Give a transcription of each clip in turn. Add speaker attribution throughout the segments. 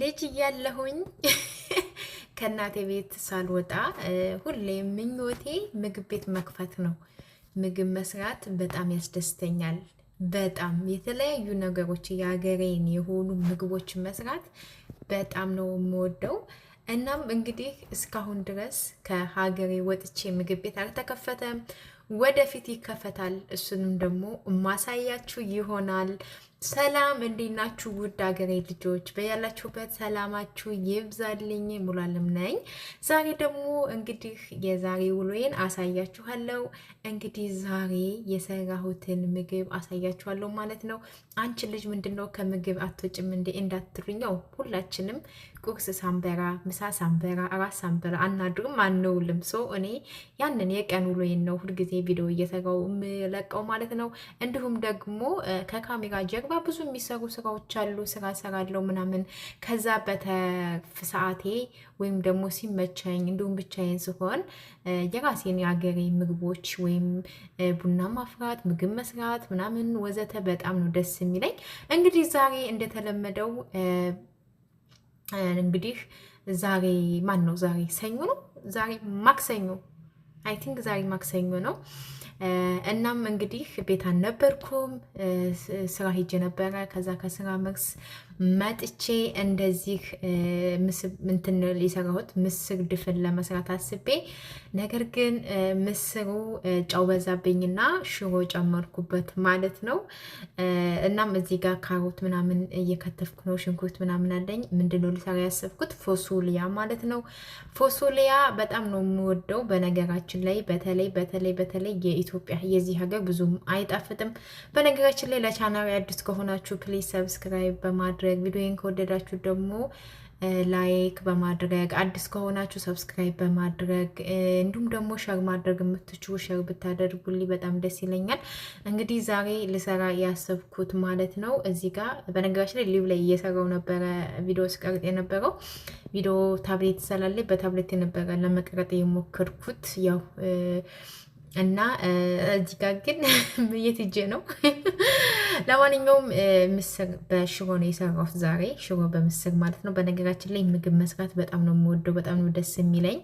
Speaker 1: ልጅ እያለሁኝ ከእናቴ ቤት ሳልወጣ ሁሌ ምኞቴ ምግብ ቤት መክፈት ነው። ምግብ መስራት በጣም ያስደስተኛል። በጣም የተለያዩ ነገሮች የሀገሬን የሆኑ ምግቦች መስራት በጣም ነው የምወደው። እናም እንግዲህ እስካሁን ድረስ ከሀገሬ ወጥቼ ምግብ ቤት አልተከፈተም። ወደፊት ይከፈታል። እሱንም ደግሞ ማሳያችሁ ይሆናል። ሰላም እንዴት ናችሁ? ውድ ሀገሬ ልጆች በያላችሁበት ሰላማችሁ ይብዛልኝ። ሙሉዓለም ነኝ። ዛሬ ደግሞ እንግዲህ የዛሬ ውሎዬን አሳያችኋለሁ። እንግዲህ ዛሬ የሰራሁትን ምግብ አሳያችኋለሁ ማለት ነው። አንቺ ልጅ ምንድን ነው ከምግብ አትወጭም እንዴ እንዳትሉኛው፣ ሁላችንም ቁርስ ሳንበራ፣ ምሳ ሳንበራ፣ እራት ሳንበራ አናድርም አንውልም። ሶ እኔ ያንን የቀን ውሎዬን ነው ሁልጊዜ ቪዲዮ እየሰራው የምለቀው ማለት ነው። እንዲሁም ደግሞ ከካሜራ ጀርባ ጋር ብዙ የሚሰሩ ስራዎች አሉ። ስራ ሰራለው ምናምን። ከዛ በተፍ ሰዓቴ ወይም ደግሞ ሲመቸኝ እንዲሁም ብቻዬን ስሆን የራሴን የአገሬ ምግቦች ወይም ቡና ማፍራት፣ ምግብ መስራት ምናምን ወዘተ በጣም ነው ደስ የሚለኝ። እንግዲህ ዛሬ እንደተለመደው እንግዲህ ዛሬ ማን ነው? ዛሬ ሰኞ ነው። ዛሬ ማክሰኞ አይ ቲንክ ዛሬ ማክሰኞ ነው። እናም እንግዲህ ቤት አልነበርኩም፣ ስራ ሄጄ ነበረ። ከዛ ከስራ መርስ መጥቼ እንደዚህ እንትን የሰራሁት ምስር ድፍን ለመስራት አስቤ፣ ነገር ግን ምስሩ ጨው በዛብኝና ሽሮ ጨመርኩበት ማለት ነው። እናም እዚህ ጋር ካሮት ምናምን እየከተፍኩ ነው። ሽንኩርት ምናምን አለኝ። ምንድነው ልሰራ ያሰብኩት ፎሶሊያ ማለት ነው። ፎሶሊያ በጣም ነው የምወደው። በነገራችን ላይ በተለይ በተለይ በተለይ የኢትዮጵያ የዚህ ሀገር ብዙም አይጣፍጥም። በነገራችን ላይ ለቻናሪ አዲስ ከሆናችሁ ፕሊዝ ሰብስክራይብ በማድረግ በማድረግ ቪዲዮን ከወደዳችሁ ደግሞ ላይክ በማድረግ አዲስ ከሆናችሁ ሰብስክራይብ በማድረግ እንዲሁም ደግሞ ሸር ማድረግ የምትችሉ ሸር ብታደርጉልኝ በጣም ደስ ይለኛል። እንግዲህ ዛሬ ልሰራ ያሰብኩት ማለት ነው እዚህ ጋር በነገራችን ላይ ሊቭ ላይ እየሰራው ነበረ ቪዲዮ ስቀርጥ የነበረው ቪዲዮ ታብሌት ይሰላለኝ በታብሌት የነበረ ለመቅረጥ የሞከርኩት ያው እና እዚህ ጋር ግን የትጄ ነው ለማንኛውም ምስር በሽሮ ነው የሰራሁት ዛሬ፣ ሽሮ በምስር ማለት ነው። በነገራችን ላይ ምግብ መስራት በጣም ነው የምወደው፣ በጣም ነው ደስ የሚለኝ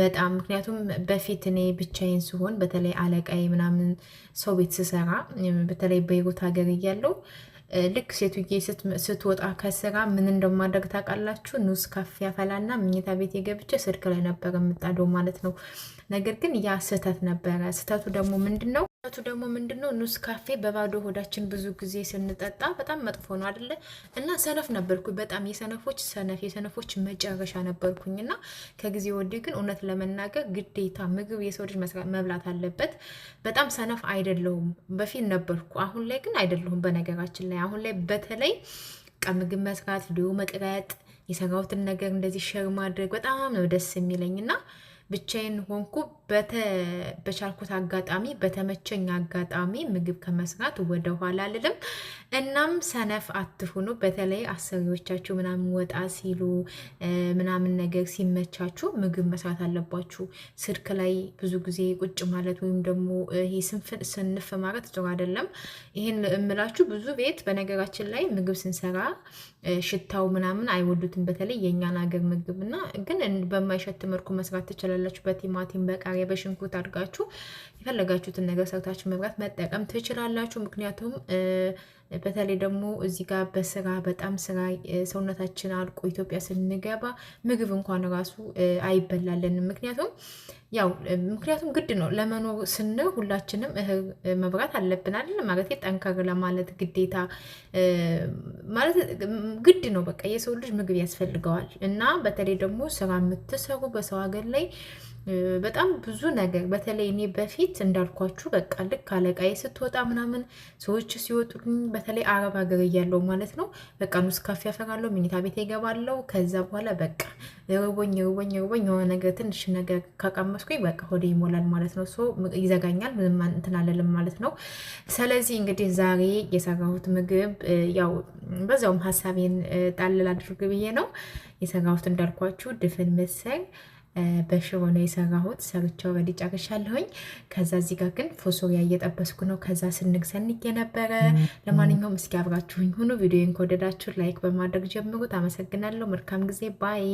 Speaker 1: በጣም ምክንያቱም በፊት እኔ ብቻዬን ስሆን በተለይ አለቃዬ ምናምን ሰው ቤት ስሰራ በተለይ በይሩት ሀገር እያለው። ልክ ሴቱዬ ስትወጣ ከስራ ምን እንደማድረግ ታውቃላችሁ? ኑስ ካፌ ያፈላና ምኝታ ቤት የገብቼ ስልክ ላይ ነበር የምጣደው ማለት ነው። ነገር ግን ያ ስህተት ነበረ። ስህተቱ ደግሞ ምንድን ነው? ስህተቱ ደግሞ ምንድን ነው? ኑስ ካፌ በባዶ ሆዳችን ብዙ ጊዜ ስንጠጣ በጣም መጥፎ ነው አደለ? እና ሰነፍ ነበርኩ፣ በጣም የሰነፎች ሰነፍ፣ የሰነፎች መጨረሻ ነበርኩኝ። እና ከጊዜ ወዲህ ግን እውነት ለመናገር ግዴታ ምግብ የሰው ልጅ መብላት አለበት። በጣም ሰነፍ አይደለሁም፣ በፊት ነበርኩ፣ አሁን ላይ ግን አይደለሁም በነገራችን ላይ አሁን ላይ በተለይ ቀምግብ ምግብ መስራት፣ ቪዲዮ መቅረጥ፣ የሰራሁትን ነገር እንደዚህ ሸር ማድረግ በጣም ነው ደስ የሚለኝ እና ብቻዬን ሆንኩ። በቻልኩት አጋጣሚ በተመቸኝ አጋጣሚ ምግብ ከመስራት ወደ ኋላ አልልም። እናም ሰነፍ አትሁኑ። በተለይ አሰሪዎቻችሁ ምናምን ወጣ ሲሉ ምናምን ነገር ሲመቻችሁ ምግብ መስራት አለባችሁ። ስልክ ላይ ብዙ ጊዜ ቁጭ ማለት ወይም ደግሞ ይሄ ስንፍ ማለት ጥሩ አይደለም። ይህን እምላችሁ ብዙ ቤት በነገራችን ላይ ምግብ ስንሰራ ሽታው ምናምን አይወዱትም። በተለይ የእኛን ሀገር ምግብ እና ግን በማይሸት መልኩ መስራት ትችላላችሁ በቲማቲም በቃሪ ቃሪያ በሽንኩርት አድርጋችሁ የፈለጋችሁትን ነገር ሰርታችሁ መብላት መጠቀም ትችላላችሁ። ምክንያቱም በተለይ ደግሞ እዚህ ጋር በስራ በጣም ስራ ሰውነታችን አልቆ ኢትዮጵያ ስንገባ ምግብ እንኳን ራሱ አይበላለንም። ምክንያቱም ያው ምክንያቱም ግድ ነው ለመኖር ስንል ሁላችንም እህል መብራት አለብን ማለት ጠንከር ለማለት ግዴታ ማለት ግድ ነው። በቃ የሰው ልጅ ምግብ ያስፈልገዋል እና በተለይ ደግሞ ስራ የምትሰሩ በሰው ሀገር ላይ በጣም ብዙ ነገር በተለይ እኔ በፊት እንዳልኳችሁ በቃ ልክ አለቃዬ ስትወጣ ምናምን ሰዎች ሲወጡልኝ በተለይ አረብ ሀገር እያለው ማለት ነው በቃ ኑስካፌ ያፈራለሁ፣ ሚኒታ ቤት ይገባለው። ከዛ በኋላ በቃ ርቦኝ ርቦኝ ርቦኝ የሆነ ነገር ትንሽ ነገር ካቀመስኩኝ በቃ ሆደ ይሞላል ማለት ነው። ሶ ይዘጋኛል፣ ምንም እንትን አልልም ማለት ነው። ስለዚህ እንግዲህ ዛሬ የሰራሁት ምግብ ያው በዚያውም ሀሳቤን ጣልል አድርግ ብዬ ነው የሰራሁት እንዳልኳችሁ ድፍን ምስር በሽቦ ነው የሰራሁት። ሰርቸው ረዲ ጨርሻለሁኝ። ከዛ እዚህ ጋር ግን ፎሶሪያ እየጠበስኩ ነው። ከዛ ስንግሰንግ የነበረ ለማንኛውም እስኪ አብራችሁኝ ሁኑ። ቪዲዮን ከወደዳችሁ ላይክ በማድረግ ጀምሩት። አመሰግናለሁ። መልካም ጊዜ ባይ